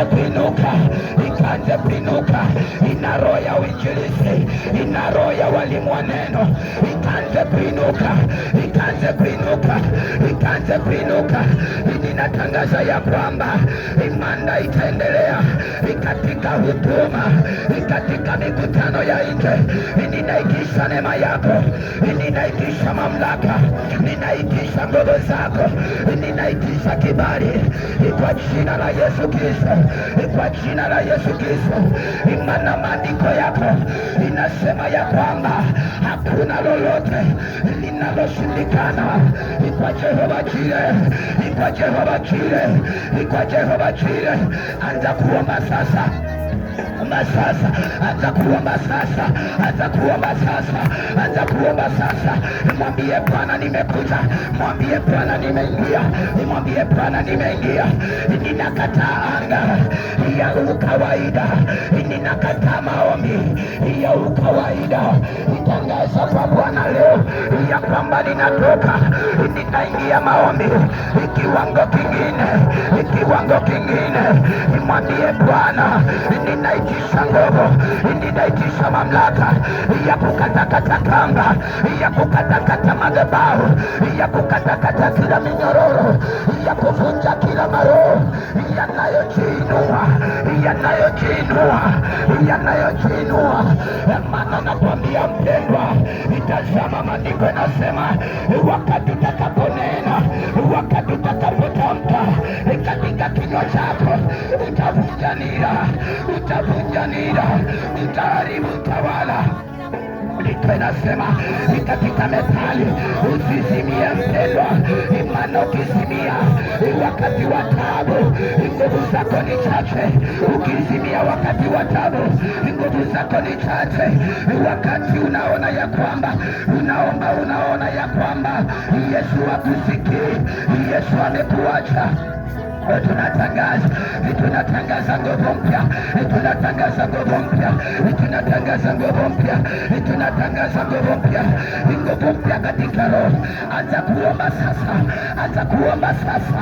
ikaanze kuinuka, ikaanze kuinuka. Ina roho ya uinjilisti, ina roho ya walimu wa neno, ikaanze kuinuka, ikaanze kuinuka, ikaanze kuinuka Ninatangaza ya kwamba imanda itaendelea ikatika huduma, ikatika mikutano ya nje. Ninaitisha neema yako, ninaitisha mamlaka, ninaitisha nguvu zako, ninaitisha kibali kwa jina la Yesu Kristo, kwa jina la Yesu Kristo. Imana maandiko yako inasema ya kwamba hakuna lolote linaloshindikana kwa Jehova Jire, kwa Jehova ni kwa Jehova Bachile, anza kuomba sasa masasa anza kuomba sasa, anza kuomba sasa, anza kuomba sasa. Mwambie Bwana nimekuja, mwambie Bwana nimeingia, mwambie Bwana nimeingia. Ninakataa anga ya ukawaida, ninakataa maombi ya ukawaida. Itangaza kwa Bwana leo kwamba linatoka, ninaingia maombi, ikiwango kingine, ikiwango kingine. Nimwambie Bwana, ninaitisha nguvu, ninaitisha mamlaka ya kukatakata kamba, ya kukatakata madhabahu, ya kukatakata kila minyororo, ya kuvunja kila maroho yanayojiinua, yanayojiinua, yanayojiinua. Maana nakwambia mpendwa, itazama maandiko na anasema wakati utakaponena, wakati utakapotamka katika kinywa chako utavuta nira yako inasema itapita metali, usizimie mpendwa. Imani ukizimia wakati wa tabu, nguvu zako ni chache. Ukizimia wakati wa tabu, nguvu zako ni chache. Wakati unaona ya kwamba unaomba, unaona ya kwamba Yesu akusikii, Yesu amekuacha tunatangaza tunatangaza nguvu mpya, tunatangaza nguvu mpya, tunatangaza nguvu mpya, tunatangaza nguvu mpya, nguvu mpya katika roho. Anza kuomba sasa, anza kuomba sasa,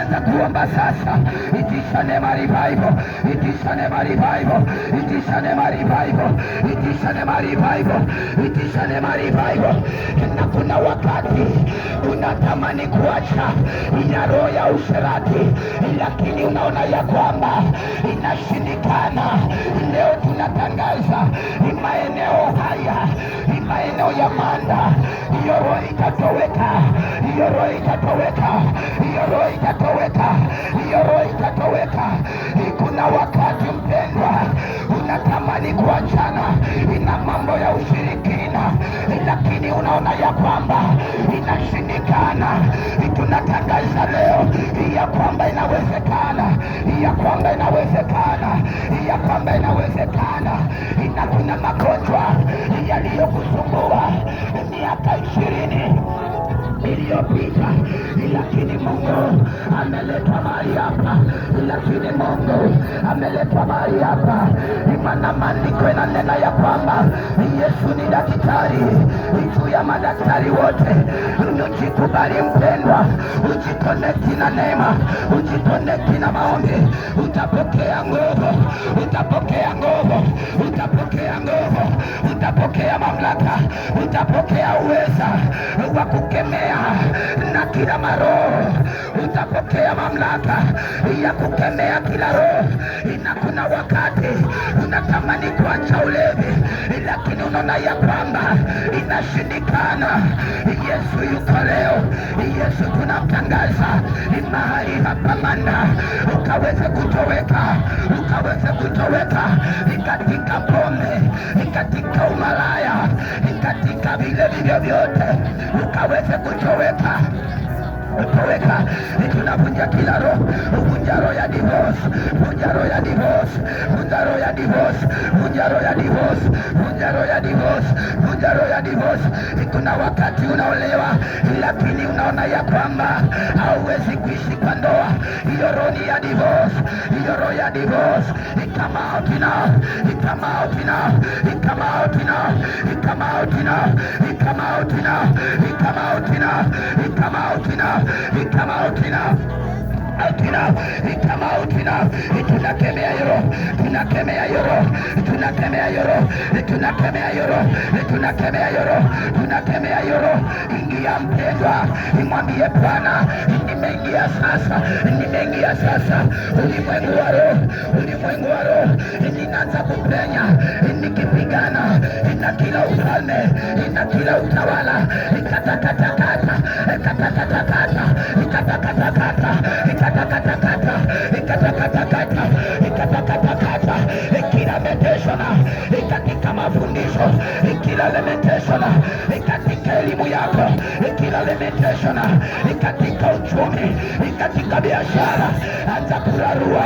anza kuomba sasa. Itisha neema revival, itisha neema revival, itisha neema revival, itisha neema revival, itisha neema revival. Na kuna wakati unatamani kuacha ina roho ya usherati lakini unaona ya kwamba inashindikana. Leo tunatangaza maeneo haya, maeneo ya Manda, hiyo roho itatoweka, hiyo roho itatoweka, hiyo roho itatoweka, hiyo roho itatoweka. Kuna wakati mpendwa, unatamani kuachana ina mambo ya ushirikina, lakini unaona ya kwamba inashindikana. Tunatangaza leo ameletwa mahali hapa, lakini Mungu ameletwa mahali hapa, Imana maandiko inanena ya kwamba Yesu ni daktari juu ya madaktari wote. Ujikubali mpendwa, ujikonekti na neema, ujikonekti na maombi, utapokea nguvu, utapokea nguvu, utapokea nguvu, utapokea mamlaka, utapokea uweza wa kukemea kila maroho, utapokea mamlaka ya kukemea kila roho. Ina kuna wakati unatamani kuacha ulevi unaona ya kwamba inashindikana. Yesu yuko leo, Yesu tunamtangaza mahali hapa Manda, ukaweze kutoweka, ukaweze kutoweka katika pombe, katika umalaya, katika vile vyote, ukaweze kutoweka kutoweka. Tunavunja kila roho, vunja roho ya divorce, vunja roho ya divorce, vunja roho ya divorce, vunja roho ya divorce, vunja roho ya divorce, vunja roho ya divorce. Kuna wakati unaolewa, lakini unaona ya kwamba hauwezi kuishi kwa ndoa hiyo, roho ya divorce, hiyo roho ya divorce come out now, come out now, come out now, come out now come out now. He come out now. He come out now. He come out now itamautina tunakemea yoro tunakemea yoro tunakemea yoro tunakemea yoro tunakemea yoro tunakemea yoro. Ingia mpendwa, imwambie Bwana, nimeingia sasa, nimeingia sasa ulimwengu wa roho, ulimwengu wa roho, ninaanza kupenya nikipiga kila utawala ikatakatakata ikatakatakata ikatakatakata ikatakatakata ikatakatakata ikatakatakata meteshona ikatika mafundisho kila lemeteshona ikatika elimu yako ikila lemeteshona ikatika uchumi ikatika biashara, anza kurarua,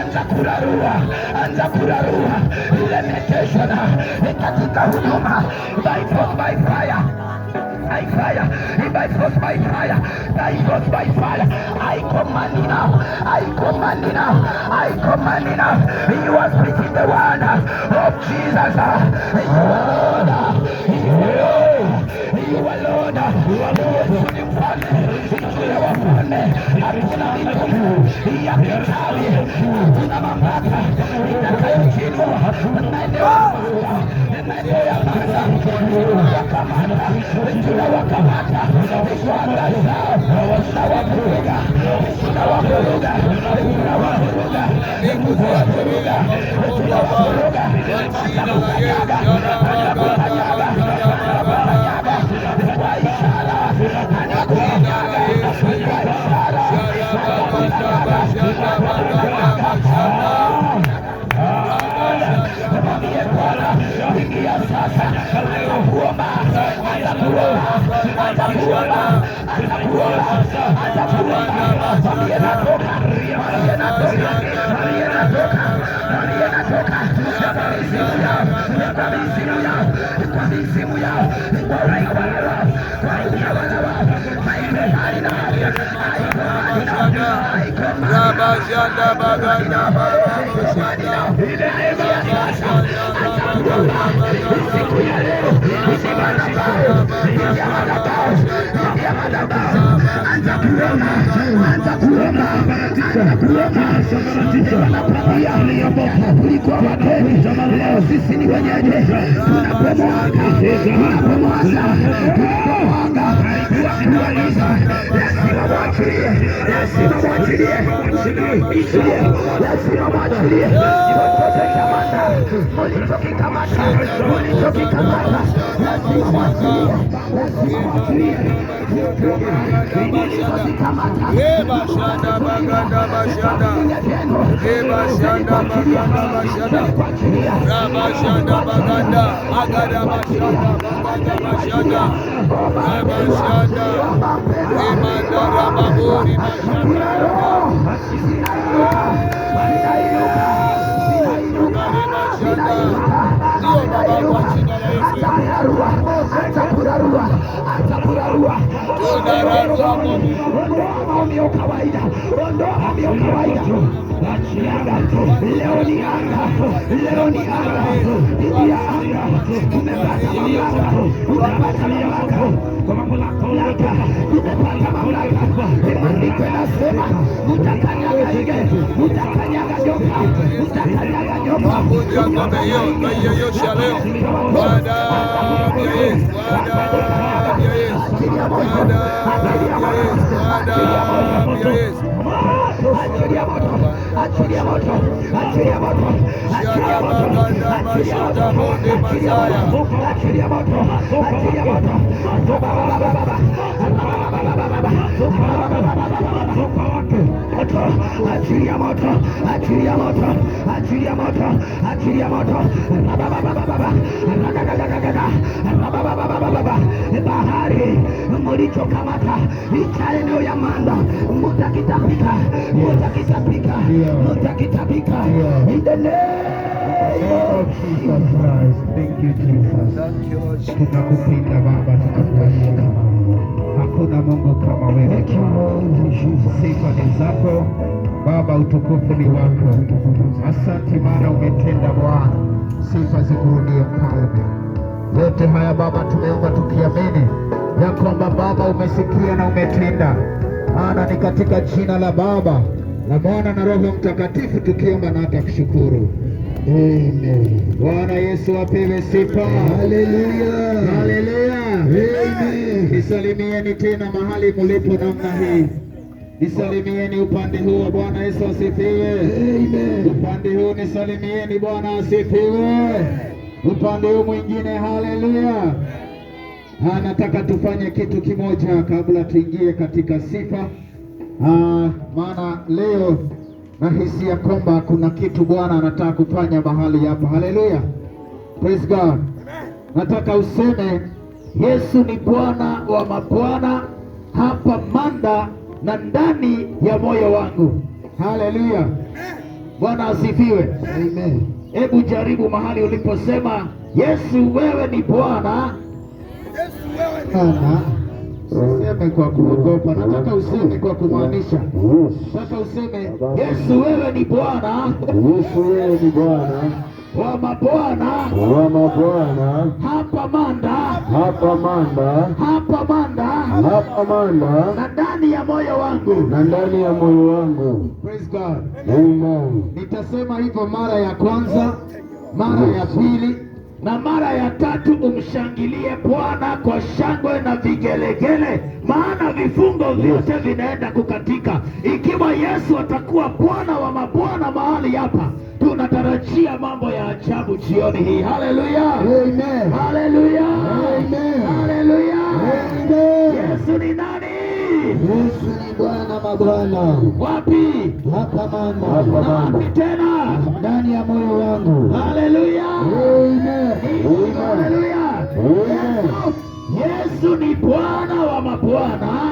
anza kurarua, anza kurarua limitation katika huduma by force by fire by fire by force by fire by force by fire I command you now I command you now I command you now you are preaching the word of Jesus you are you alone. You are the only one. Kila wapone hakuna mtu yakitawi hakuna mamlaka itakayoshindwa maeneo maeneo ya Gaza wakamata tuna wakamata swala zao tunawavuruga tunawavuruga tunawavuruga tunawavuruga tunawavuruga tunawavuruga kwa mizimu yao, kwa mizimu yao, kwa unaikwana wao, kwa ingia wana wao, maimbe haina rabashanda baganda babashanda siku ya leo, usimama pao, usimama pao ya madhabahu, anza kuomba, anza kuomba, anza kuomba. Nakwambia ulikuwa wageni, leo sisi ni wenyeji. Tunapomwaga, tunapomwaga, tunapomwaga wakiwaliza, lazima mwachilie, lazima mwachilie, lazima mwachilie. Mulitokikamata, mulitokikamata, mulitokikamata Rabashanda, Rabashanda, rohoni, ondoa maombi ya kawaida, ondoa maombi ya kawaida. Leo ni anga, leo ni anga, bibi ya anga, umepata mamlaka, umepata mamlaka, umepata mamlaka. Imeandikwa inasema utakanyaga nge, utakanyaga nyoka, utakanyaga nyoka. Kwa hiyo yote ya leo, baada ya Yesu, baada ya moto, achilia moto, achilia moto, achilia moto, achilia moto, achilia moto, achilia moto, achilia moto, achilia moto, achilia moto, achilia moto, baba baba baba achilia moto, achilia moto, achilia moto, achilia moto, baba baba baba bahari mulichokamata icha eneo ya manda mutakitapika, mutakitapika, mutakitapika in Baba, tunakushukuru. Hakuna Mungu kama wewe. Sifa ni zako Baba, utukufu ni wako. Asante maana umetenda Bwana, sifa zikurudie mfalme yote haya Baba tumeomba tukiamini ya kwamba Baba umesikia na umetenda, maana ni katika jina la Baba na Mwana na Roho Mtakatifu tukiomba na hata kushukuru. Amen. Bwana Yesu apewe sifa. Haleluya. Haleluya. Amen. Nisalimieni tena mahali mulipo namna hii. Nisalimieni upande huu, wa Bwana Yesu asifiwe. Amen. Upande huu nisalimieni, Bwana asifiwe upande huu mwingine. Haleluya! Anataka tufanye kitu kimoja kabla tuingie katika sifa. Ah, maana leo nahisi ya kwamba kuna kitu Bwana anataka kufanya mahali hapa. Haleluya, praise God. Nataka useme Yesu ni Bwana wa mabwana hapa Manda na ndani ya moyo wangu. Haleluya, Bwana asifiwe. Amen. Hebu jaribu mahali uliposema Yesu wewe ni Bwana. Yesu wewe ni Bwana. Useme kwa kuogopa, nataka useme kwa kumaanisha, nataka useme Yesu wewe ni Bwana. Yesu wewe ni Bwana wa mabwana wa mabwana hapa Manda hapa Manda hapa Manda hapa Manda na ndani ya moyo wangu na ndani ya moyo wangu. Praise God, amen. Nitasema hivyo mara ya kwanza, mara ya pili na mara ya tatu. Umshangilie Bwana kwa shangwe na vigelegele, maana vifungo vyote vinaenda kukatika ikiwa Yesu atakuwa Bwana wa mabwana mahali hapa tunatarajia mambo ya ajabu jioni hii. Haleluya, amen, haleluya, amen, haleluya, amen. Yesu ni nani? Yesu ni Bwana mabwana. Wapi? Hapa mama, hapa wapi tena? Ndani ya moyo wangu. Haleluya, amen, haleluya. Yesu ni Bwana wa mabwana.